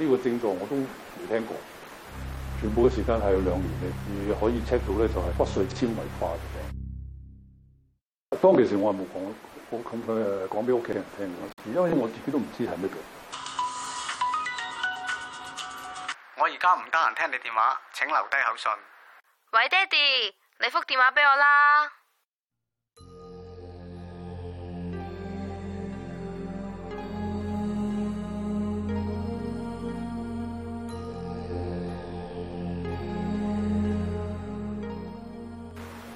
呢、這個症狀我都未聽過，全部嘅時間係有兩年嘅。而可以 check 到咧就係骨髓纖維化嘅。當其時我係冇講，我咁佢誒講俾屋企人聽，因為我自己都唔知係乜病。我而家唔得閒聽你的電話，請留低口信。喂，爹哋，你覆電話俾我啦。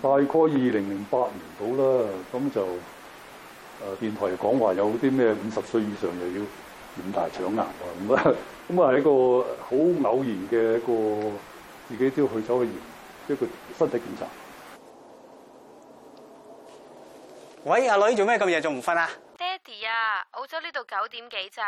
大概二零零八年到啦，咁就誒電台講話有啲咩五十歲以上又要檢大腸癌啊，咁啊咁啊係一個好偶然嘅一個自己都要去咗去驗一個身體檢查。喂，阿女做咩咁夜仲唔瞓啊？爹哋啊，澳洲呢度九點幾咋？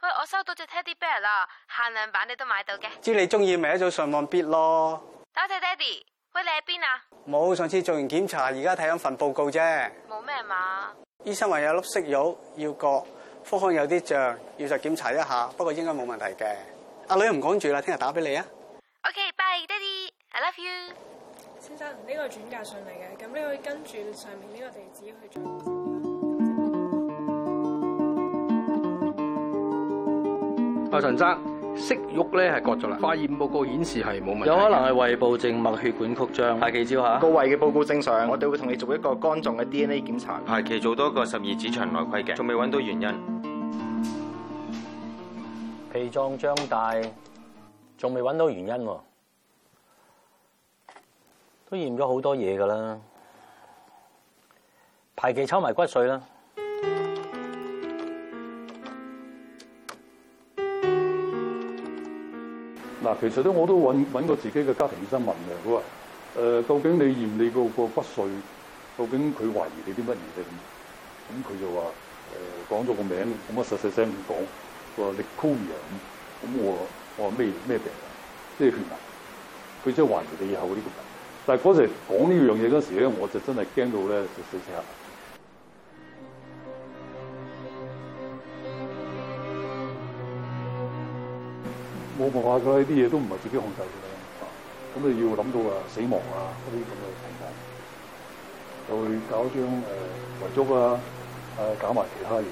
喂，我收到隻 teddy bear 啦，限量版你都買到嘅。知你中意咪一早上岸必 i 咯。多謝，謝爹哋。喂，你喺邊啊？冇，上次做完檢查，而家睇緊份報告啫。冇咩嘛？醫生話有粒息肉要割，腹腔有啲脹，要再檢查一下，不過應該冇問題嘅。阿女唔講住啦，聽日打俾你啊。OK，bye，爹哋，I love you。先生，呢、這個轉介上嚟嘅，咁你可以跟住上面呢個地址去轉診。阿、啊、陳生。息肉咧係割咗啦，化驗報告顯示係冇問題，有可能係胃部靜脈血管曲張，排期照下。個胃嘅報告正常，我哋會同你做一個肝臟嘅 DNA 檢查，排期做多一個十二指腸內窺鏡，仲未揾到原因。脾臟脹大，仲未揾到原因，都驗咗好多嘢噶啦，排期抽埋骨髓啦。嗱，其實咧我都揾揾過自己嘅家庭醫生問嘅，誒，究竟你驗你個個骨髓，究竟佢懷疑你啲乜嘢咧？咁佢就話誒，講咗個名，咁啊，實實聲細細聲講，佢話你高爾咁，我他我話咩咩病即咩血癌？佢即係懷疑你以後啲咁病。但係嗰時講呢樣嘢嗰時咧，我就真係驚到咧，實實我望佢，呢啲嘢都唔係自己控制嘅，咁你要諗到啊死亡啊嗰啲咁嘅情況，就去搞張誒遺囑啊，誒搞埋其他嘢。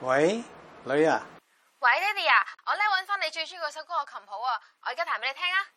喂，女啊！喂，爹哋啊！我咧揾翻你最中意嗰首歌嘅琴譜啊！我而家彈俾你聽啊！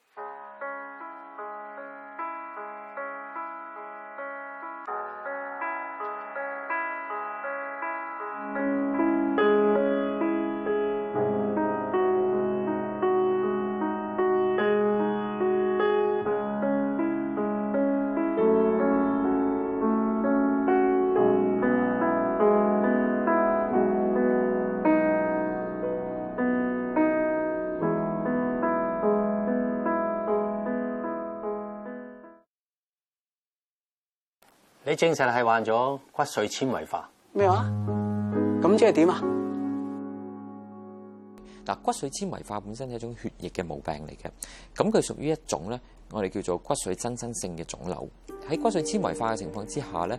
精神係患咗骨髓纖維化咩話？咁即係點啊？嗱，骨髓纖維化本身係一種血液嘅毛病嚟嘅，咁佢屬於一種咧，我哋叫做骨髓增生性嘅腫瘤。喺骨髓纖維化嘅情況之下咧，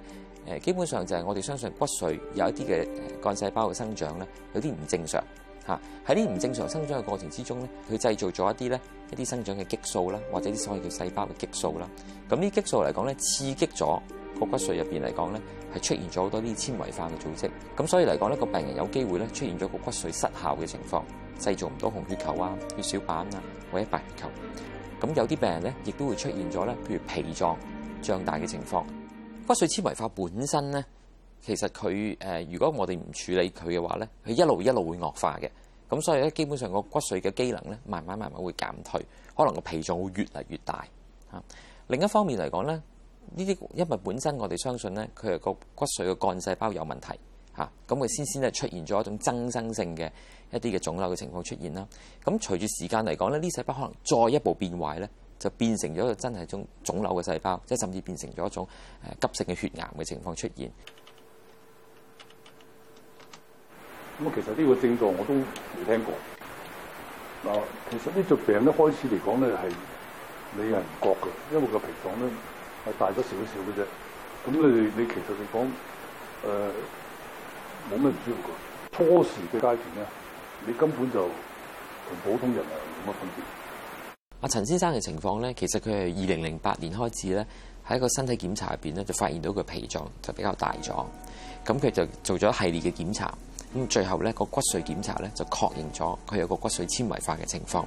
誒，基本上就係我哋相信骨髓有一啲嘅幹細胞嘅生長咧，有啲唔正常吓。喺啲唔正常生長嘅過程之中咧，佢製造咗一啲咧一啲生長嘅激素啦，或者啲所謂叫細胞嘅激素啦。咁呢啲激素嚟講咧，刺激咗。個骨髓入邊嚟講咧，係出現咗好多啲纖維化嘅組織，咁所以嚟講咧，個病人有機會咧出現咗個骨髓失效嘅情況，製造唔到紅血球啊、血小板啊或者白血球。咁有啲病人咧，亦都會出現咗咧，譬如脾臟脹大嘅情況。骨髓纖維化本身咧，其實佢誒、呃，如果我哋唔處理佢嘅話咧，佢一路一路會惡化嘅。咁所以咧，基本上個骨髓嘅機能咧，慢慢慢慢會減退，可能個脾臟會越嚟越大。吓、啊，另一方面嚟講咧。呢啲，因為本身我哋相信咧，佢係個骨髓嘅幹細胞有問題嚇，咁佢先先咧出現咗一種增生性嘅一啲嘅腫瘤嘅情況出現啦。咁隨住時間嚟講咧，呢細胞可能再一步變壞咧，就變成咗真係種腫瘤嘅細胞，即係甚至變成咗一種誒急性嘅血癌嘅情況出現。咁其實呢個症狀我都未聽過嗱。其實呢隻病咧，開始嚟講咧係你人唔覺嘅，因為個脾臟咧。係大咗少少嘅啫，咁你你其實你講，誒冇咩唔舒服嘅。初時嘅階段咧，你根本就同普通人係冇乜分別。阿陳先生嘅情況咧，其實佢係二零零八年開始咧，喺個身體檢查入邊咧就發現到佢脾臟就比較大咗，咁佢就做咗一系列嘅檢查，咁最後咧個骨髓檢查咧就確認咗佢有個骨髓纖維化嘅情況。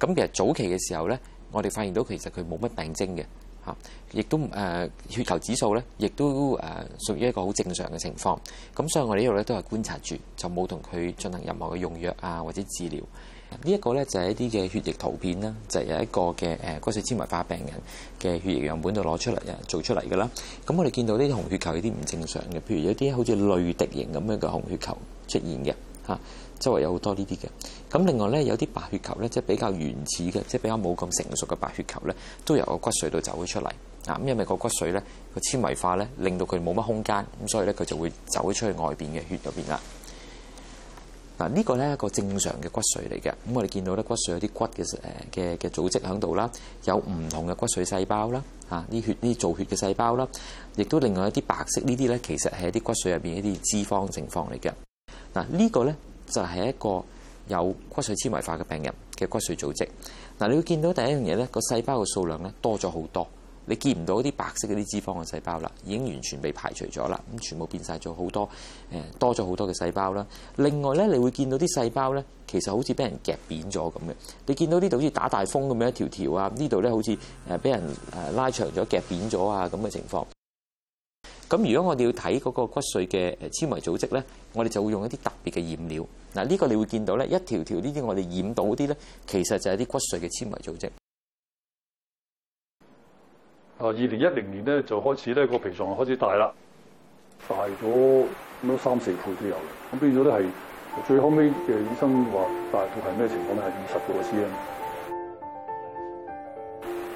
咁其實早期嘅時候咧。我哋發現到其實佢冇乜病徵嘅，嚇，亦都誒血球指數咧，亦都誒屬於一個好正常嘅情況。咁所以我哋呢度咧都係觀察住，就冇同佢進行任何嘅用藥啊或者治療。這個、呢、就是、一個咧就係一啲嘅血液圖片啦，就是、有一個嘅誒骨髓纖維化病人嘅血液樣本度攞出嚟啊，做出嚟㗎啦。咁我哋見到啲紅血球有啲唔正常嘅，譬如有啲好似淚滴型咁樣嘅紅血球出現嘅。嚇，周圍有好多呢啲嘅。咁另外咧，有啲白血球咧，即係比較原始嘅，即係比較冇咁成熟嘅白血球咧，都由個骨髓度走咗出嚟。嗱，咁因為個骨髓咧個纖維化咧，令到佢冇乜空間，咁所以咧佢就會走咗出去外邊嘅血入邊啦。嗱，呢個咧一個正常嘅骨髓嚟嘅。咁我哋見到咧骨髓有啲骨嘅誒嘅嘅組織喺度啦，有唔同嘅骨髓細胞啦，嚇啲血啲造血嘅細胞啦，亦都另外一啲白色呢啲咧，其實係一啲骨髓入邊一啲脂肪情況嚟嘅。嗱，呢個呢，就係一個有骨髓纖維化嘅病人嘅骨髓組織。嗱，你會見到第一樣嘢，呢個細胞嘅數量呢多咗好多，你見唔到啲白色嗰啲脂肪嘅細胞啦，已經完全被排除咗啦，咁全部變晒咗好多誒多咗好多嘅細胞啦。另外呢，你會見到啲細胞呢，其實好似俾人夾扁咗咁嘅。你見到呢度好似打大風咁樣一條條啊，呢度呢好似誒俾人誒拉長咗，夾扁咗啊咁嘅情況。咁如果我哋要睇嗰個骨髓嘅誒纖維組織咧，我哋就會用一啲特別嘅染料。嗱，呢個你會見到咧，一條條呢啲我哋染到啲咧，其實就係啲骨髓嘅纖維組織。啊，二零一零年咧就開始咧個脾臟開始大啦，大咗咁多，三四倍都有。咁變咗咧係最後尾嘅醫生話，大概係咩情況咧？係二十個 cm。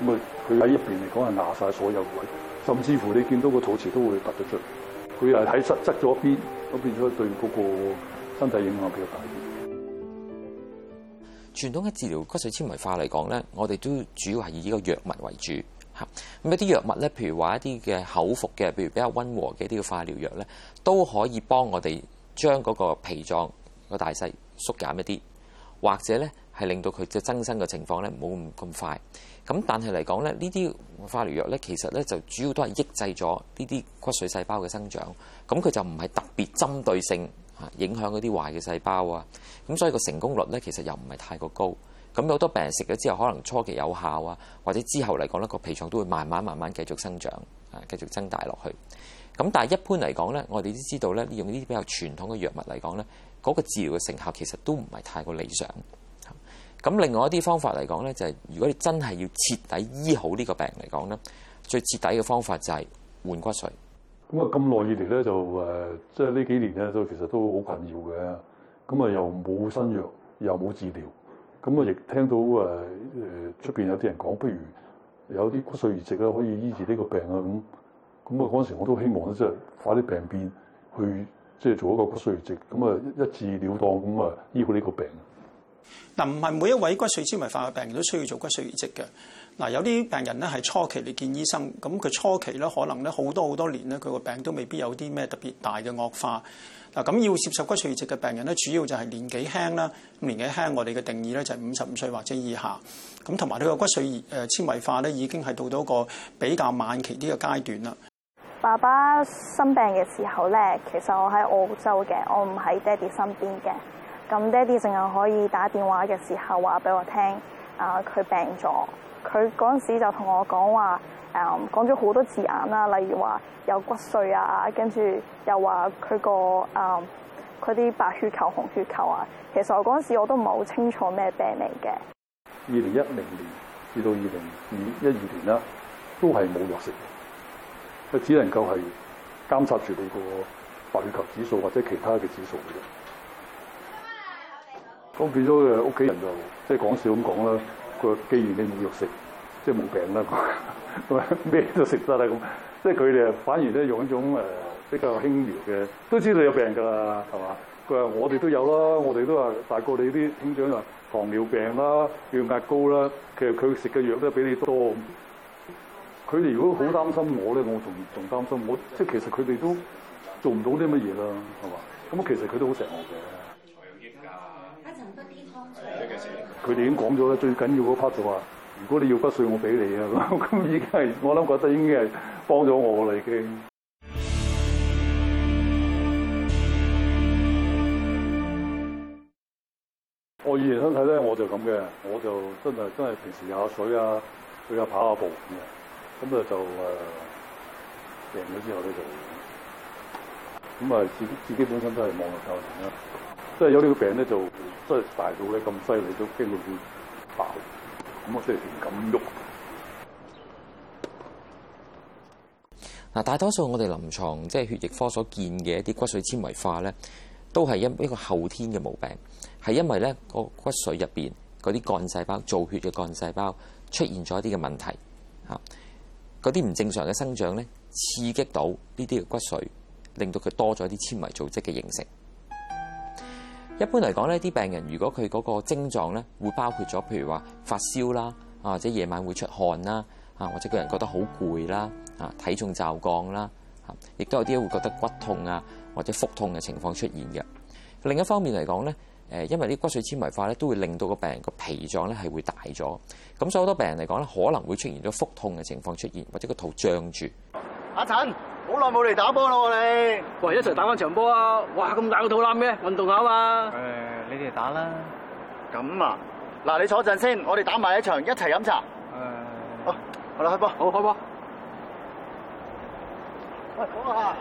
咁啊，佢喺入邊嚟講係壓晒所有嘅位置。甚至乎你見到個肚臍都會凸得出，佢又喺側側左邊，咁變咗對嗰個身體影響比較大啲。傳統嘅治療骨髓纖維化嚟講咧，我哋都主要係以呢個藥物為主嚇。咁一啲藥物咧，譬如話一啲嘅口服嘅，譬如比較温和嘅一啲化療藥咧，都可以幫我哋將嗰個脾臟個大細縮減一啲，或者咧。係令到佢嘅增生嘅情況咧冇咁咁快。咁但係嚟講咧，呢啲化療藥咧，其實咧就主要都係抑制咗呢啲骨髓細胞嘅生長。咁佢就唔係特別針對性影響嗰啲壞嘅細胞啊。咁所以個成功率咧，其實又唔係太過高。咁有好多病人食咗之後，可能初期有效啊，或者之後嚟講咧個脾臟都會慢慢慢慢繼續生長啊，繼續增大落去。咁但係一般嚟講咧，我哋都知道咧，用呢啲比較傳統嘅藥物嚟講咧，嗰個治療嘅成效其實都唔係太過理想。咁另外一啲方法嚟講咧，就係如果你真係要徹底醫好呢個病嚟講咧，最徹底嘅方法就係換骨髓。咁啊，咁耐以嚟咧就誒，即係呢幾年咧都其實都好困擾嘅。咁啊，又冇新藥，又冇治療。咁啊，亦聽到誒誒出邊有啲人講，不如有啲骨髓移植咧可以醫治呢個病啊咁。咁啊，嗰陣時我都希望咧，即係快啲病變去即係做一個骨髓移植，咁啊一治了當咁啊醫好呢個病。嗱，唔係每一位骨髓纖維化嘅病人都需要做骨髓移植嘅。嗱，有啲病人咧係初期嚟見醫生，咁佢初期咧可能咧好多好多年咧，佢個病都未必有啲咩特別大嘅惡化。嗱，咁要接受骨髓移植嘅病人咧，主要就係年紀輕啦，年紀輕我哋嘅定義咧就係五十五歲或者以下。咁同埋佢個骨髓誒纖維化咧，已經係到咗一個比較晚期呢個階段啦。爸爸生病嘅時候咧，其實我喺澳洲嘅，我唔喺爹哋身邊嘅。咁爹哋淨係可以打電話嘅時候話俾我聽，啊佢病咗，佢嗰陣時就同我講話，講咗好多字眼啦，例如話有骨髓啊，跟住又話佢個誒佢啲白血球、紅血球啊，其實我嗰陣時我都唔係好清楚咩病嚟嘅。二零一零年至到二零二一二年啦，都係冇藥食嘅，佢只能夠係監察住你個白血球指數或者其他嘅指數嘅。咁變咗屋企人就即係講笑咁講啦。佢，既然你冇藥食，即係冇病啦，咁咩都食得啦。咁即係佢哋啊，反而咧用一種誒比較輕描嘅，都知道你有病噶啦，係嘛。佢話我哋都有啦，我哋都話大過你啲兄長啊，糖尿病啦，血壓高啦。其實佢食嘅藥都比你多。佢哋如果好擔心我咧，我仲仲擔心我。我心我即係其實佢哋都做唔到啲乜嘢啦，係嘛。咁其實佢都好錫我嘅。佢哋已經講咗啦，最緊要嗰 part 就話：如果你要骨髓，我俾你啊！咁已經係我諗，覺得已經係幫咗我已嘅。 我以前身體咧，我就咁嘅，我就真係都係平時游下水啊，去下跑下步咁嘅。咁啊就誒病咗之後咧就，就，咁啊自己自己本身都係網絡教程啦，即係有呢個病咧就。即係大到咧咁犀利都機會會爆，咁我即係唔敢喐。嗱，大多數我哋臨床，即係血液科所見嘅一啲骨髓纖維化咧，都係一一個後天嘅毛病，係因為咧個骨髓入邊嗰啲幹細胞、造血嘅幹細胞出現咗一啲嘅問題，嚇嗰啲唔正常嘅生長咧，刺激到呢啲嘅骨髓，令到佢多咗一啲纖維組織嘅形成。一般嚟講，呢啲病人，如果佢嗰個症狀呢，會包括咗譬如話發燒啦，啊或者夜晚會出汗啦，啊或者個人覺得好攰啦，啊體重驟降啦，亦都有啲會覺得骨痛啊，或者腹痛嘅情況出現嘅。另一方面嚟講呢，誒因為啲骨髓纖維化呢都會令到個病人個脾臟呢係會大咗，咁所以好多病人嚟講呢，可能會出現咗腹痛嘅情況出現，或者個肚脹住。阿陳。好耐冇嚟打波咯，我哋喂，一齊打翻場波啊！哇，咁大個肚腩咩？運動下嘛。誒，你哋打啦。咁啊，嗱，你坐陣先，我哋打埋一場，一齊飲茶。誒、嗯，好，好好啦，開波，好開波。喂，講下，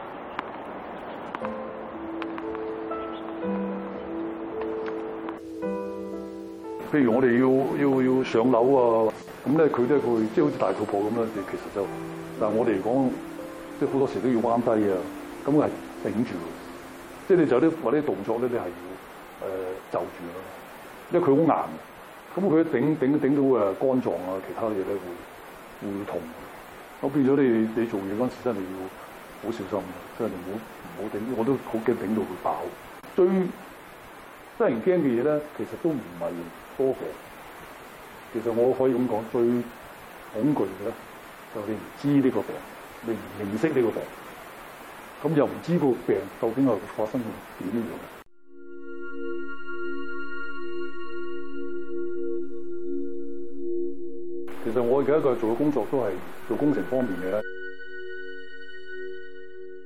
譬如我哋要要要上樓啊，咁咧佢咧佢即係好似大肚婆咁啦，其實就但係我哋嚟講。好多時都要彎低啊，咁係頂住，即係你就啲或啲動作咧，你係要誒就住咯。因為佢好硬，咁佢頂頂頂到誒肝臟啊，其他嘢咧會會痛。我變咗你你做嘢嗰陣時，真係要好小心嘅，即係你唔好唔好頂，我都好驚頂到佢爆的。最令人驚嘅嘢咧，其實都唔係多嘅。其實我可以咁講，最恐懼嘅咧就係你唔知呢個病。你唔認識呢個病，咁又唔知個病究竟係發生點樣？其實我而家個做嘅工作都係做工程方面嘅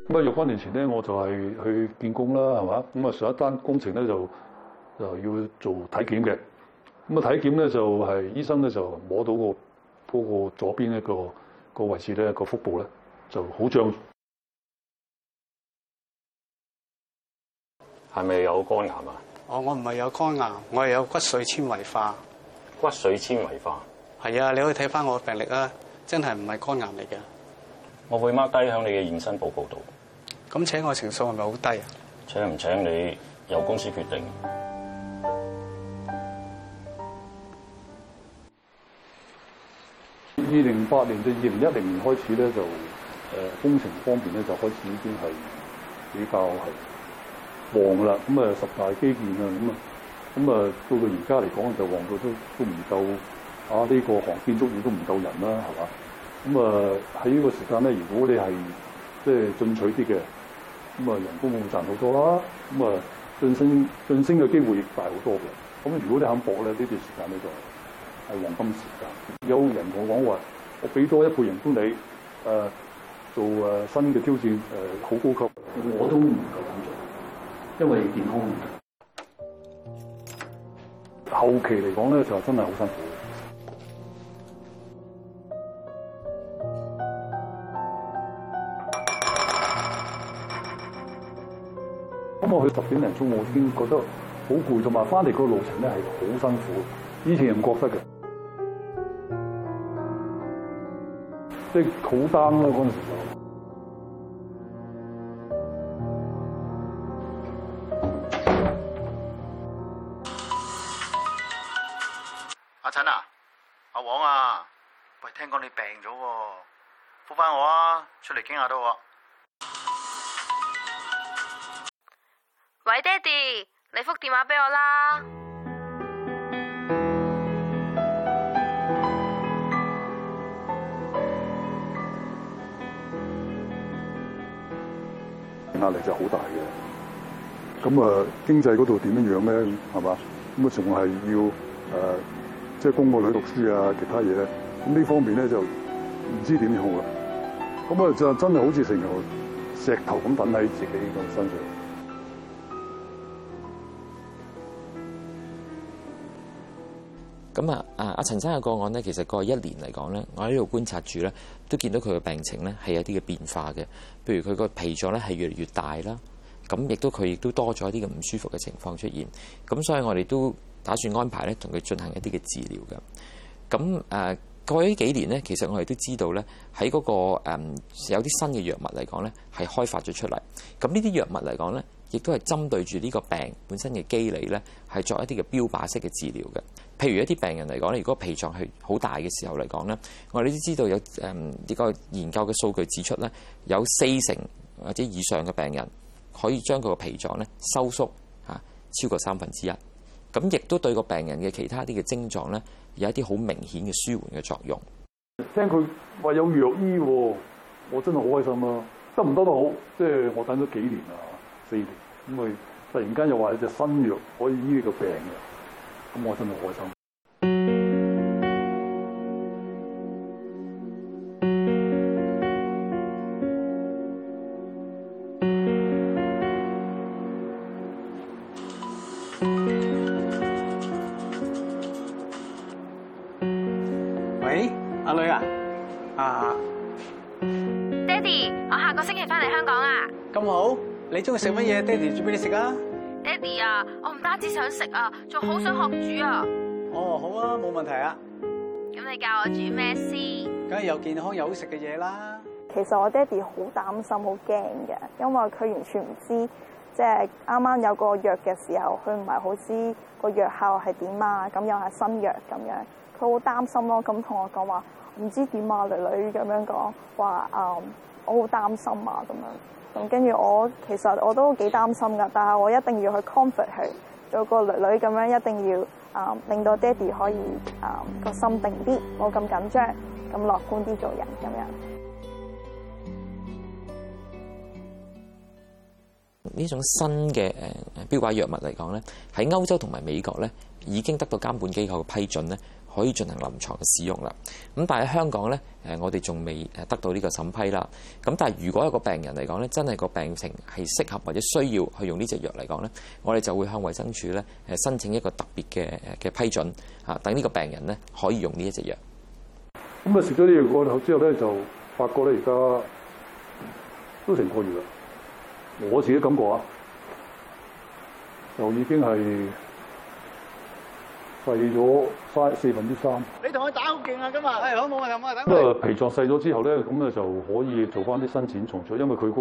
咁啊，若干年前咧，我就係去建工啦，係嘛？咁啊，上一單工程咧就就要做體檢嘅。咁啊，體檢咧就係醫生咧就摸到個嗰個左邊一個個位置咧個腹部咧。就好像係咪有肝癌啊？哦，我唔係有肝癌，我係有骨髓纖維化。骨髓纖維化？係啊，你可以睇翻我嘅病歷啊，真係唔係肝癌嚟嘅。我會掹低喺你嘅驗身報告度。咁請我嘅成數係咪好低啊？請唔請你由公司決定。二零八年到二零一零年開始咧就。誒、呃、工程方面咧，就開始已經係比較係旺啦。咁、嗯、啊，十大基建、嗯嗯嗯、啊，咁啊，咁啊，到到而家嚟講就旺到都都唔夠啊！呢個行建築業都唔夠人啦，係嘛？咁、嗯、啊，喺、呃、呢個時間咧，如果你係即係進取啲嘅，咁、嗯、啊，人工會賺好多啦。咁、嗯、啊，晉升晉升嘅機會亦大好多嘅。咁、嗯、如果你肯搏咧，呢段時間你就係黃金時間。有人同我講話，我俾多一倍人工你，誒、呃。做誒新嘅挑戰誒好、呃、高級，我都唔夠膽做因，因為健康，後期嚟講咧就真係好辛苦。咁、嗯、我去十點零鐘，我已經覺得好攰，同埋翻嚟個路程咧係好辛苦，以前唔過得的。嘅。好單啊陣時。阿陳啊，阿黃啊，喂，聽講你病咗，覆返我啊，出嚟傾下都。喂，爹哋，你覆電話俾我啦。壓力就好大嘅，咁啊經濟嗰度點樣樣咧？係嘛，咁啊仲係要誒，即係供個女讀書啊，其他嘢咁呢方面咧就唔知點好啦。咁啊就真係好似成個石頭咁等喺自己個身上。咁啊，阿、啊、阿陳生嘅個案呢，其實過去一年嚟講呢，我喺呢度觀察住呢，都見到佢嘅病情呢係有啲嘅變化嘅。譬如佢個脾臟呢係越嚟越大啦，咁亦都佢亦都多咗一啲嘅唔舒服嘅情況出現。咁所以我哋都打算安排呢同佢進行一啲嘅治療嘅。咁誒、啊、過去幾年呢，其實我哋都知道呢，喺嗰、那個、嗯、有啲新嘅藥物嚟講呢，係開發咗出嚟。咁呢啲藥物嚟講呢，亦都係針對住呢個病本身嘅機理呢，係作一啲嘅標靶式嘅治療嘅。譬如一啲病人嚟講咧，如果脾臟係好大嘅時候嚟講咧，我哋都知道有誒呢個研究嘅數據指出咧，有四成或者以上嘅病人可以將佢個脾臟咧收縮啊超過三分之一，咁亦都對個病人嘅其他啲嘅症狀咧有一啲好明顯嘅舒緩嘅作用。聽佢話有藥醫，我真係好開心啊！得唔得都好，即係我等咗幾年啊，四年咁佢突然間又話有隻新藥可以醫呢個病嘅。陌生的活生。喂，阿女啊，啊，爹哋，我下個星期返嚟香港啊。咁好，你鍾意食乜嘢？爹哋煮俾你食啊。啊！我唔單止想食啊，仲好想學煮啊！哦，好啊，冇問題啊！咁你教我煮咩先？梗係又健康又好食嘅嘢啦！其實我爹哋好擔心、好驚嘅，因為佢完全唔知，即係啱啱有個藥嘅時候他不是，佢唔係好知個藥效係點啊，咁又係新藥咁樣，佢好擔心咯。咁同我講話唔知點啊，女女咁樣講，話啊，我好擔心啊，咁樣。咁跟住我，其實我都幾擔心噶，但係我一定要去 comfort 佢，做個女女咁樣，一定要啊、嗯，令到爹哋可以啊個、嗯、心定啲，冇咁緊張，咁樂觀啲做人咁樣。呢種新嘅誒標靶藥物嚟講咧，喺歐洲同埋美國咧已經得到監管機構嘅批准咧。可以進行臨床嘅使用啦。咁但係喺香港咧，誒我哋仲未誒得到呢個審批啦。咁但係如果有一個病人嚟講咧，真係個病情係適合或者需要去用呢隻藥嚟講咧，我哋就會向衛生署咧誒申請一個特別嘅嘅批准嚇，等、啊、呢個病人咧可以用呢一隻藥。咁啊，食咗呢隻藥之後咧，就發覺咧，而家都成個月啦。我自己感覺啊，就已經係。廢咗快四分之三。你同佢打好勁啊！今、哎、日，誒好冇啊！咁啊，等。咁啊，脾臟細咗之後咧，咁咧就可以做翻啲伸展重做。因為佢嗰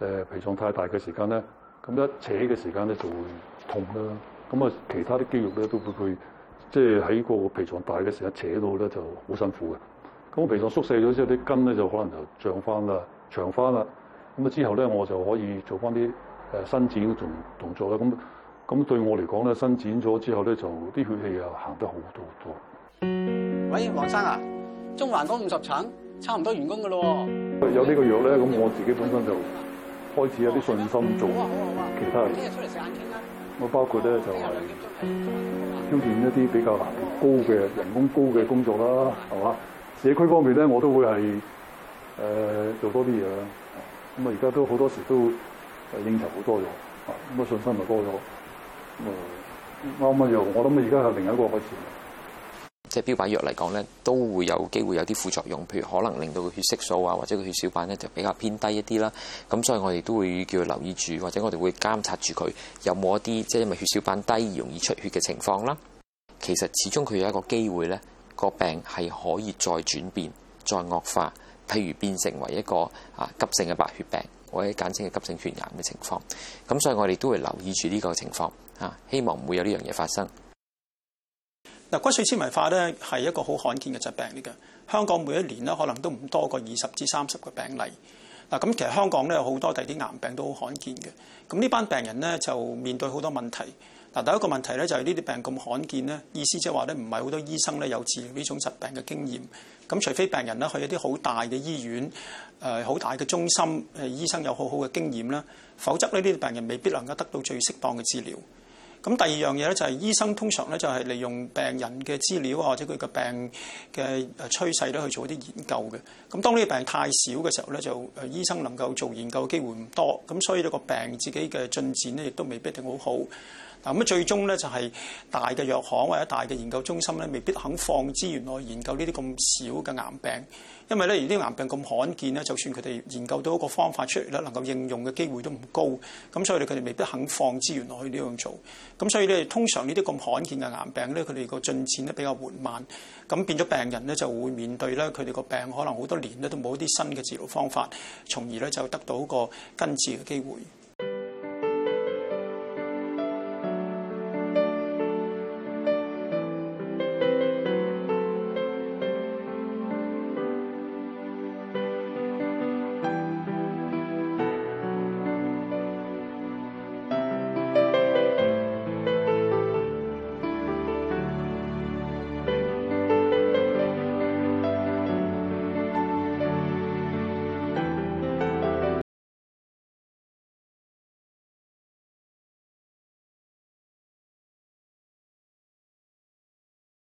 個誒脾臟太大嘅時間咧，咁一扯嘅時間咧就會痛啦。咁啊，其他啲肌肉咧都會佢，即係喺個脾臟大嘅時間扯到咧就好辛苦嘅。咁我脾臟縮細咗之後，啲筋咧就可能就漲翻啦、長翻啦。咁啊之後咧，我就可以做翻啲誒伸展同動作啦。咁。咁對我嚟講咧，伸展咗之後咧，就啲血氣啊行得好多好多。喂，黃生啊，中環嗰五十層差唔多完工噶咯喎。有呢個藥咧，咁我自己本身就開始有啲信心做、哦。好啊好啊好啊。其他人。聽日出嚟食晏傾啦。我包括咧就挑、是、選、啊、一啲比較難高嘅、啊、人工高嘅工作啦，係、啊、嘛？社區方面咧，我都會係誒、呃、做多啲嘢啦。咁啊，而家都好多時都應酬好多咗，咁啊信心咪多咗。誒、嗯，啱唔啱我諗，而家係另一個開始。即係標靶藥嚟講咧，都會有機會有啲副作用，譬如可能令到個血色素啊，或者個血小板咧就比較偏低一啲啦。咁所以，我哋都會叫佢留意住，或者我哋會監察住佢有冇一啲即係因為血小板低而容易出血嘅情況啦。其實始終佢有一個機會咧，個病係可以再轉變再惡化，譬如變成為一個啊急性嘅白血病或者簡稱嘅急性血癌嘅情況。咁所以，我哋都會留意住呢個情況。希望唔會有呢樣嘢發生嗱。骨髓纖維化咧係一個好罕見嘅疾病嚟嘅。香港每一年咧，可能都唔多過二十至三十個病例嗱。咁其實香港咧有好多第二啲癌病都好罕見嘅。咁呢班病人咧就面對好多問題嗱。第一個問題咧就係呢啲病咁罕見咧，意思即係話咧唔係好多醫生咧有治療呢種疾病嘅經驗。咁除非病人咧去一啲好大嘅醫院，誒好大嘅中心，誒醫生有好好嘅經驗啦，否則呢啲病人未必能夠得到最適當嘅治療。咁第二樣嘢咧就係醫生通常咧就係利用病人嘅資料啊，或者佢嘅病嘅趨勢咧去做一啲研究嘅。咁當呢個病太少嘅時候咧，就誒醫生能夠做研究嘅機會唔多，咁所以呢個病自己嘅進展咧亦都未必一定好好。嗱，咁最終咧就係大嘅藥行或者大嘅研究中心咧，未必肯放資源落去研究呢啲咁少嘅癌病，因為咧而啲癌病咁罕見咧，就算佢哋研究到一個方法出嚟咧，能夠應用嘅機會都唔高，咁所以佢哋未必肯放資源落去呢樣做。咁所以咧，通常呢啲咁罕見嘅癌病咧，佢哋個進展咧比較緩慢，咁變咗病人咧就會面對咧佢哋個病可能好多年咧都冇一啲新嘅治療方法，從而咧就得到一個根治嘅機會。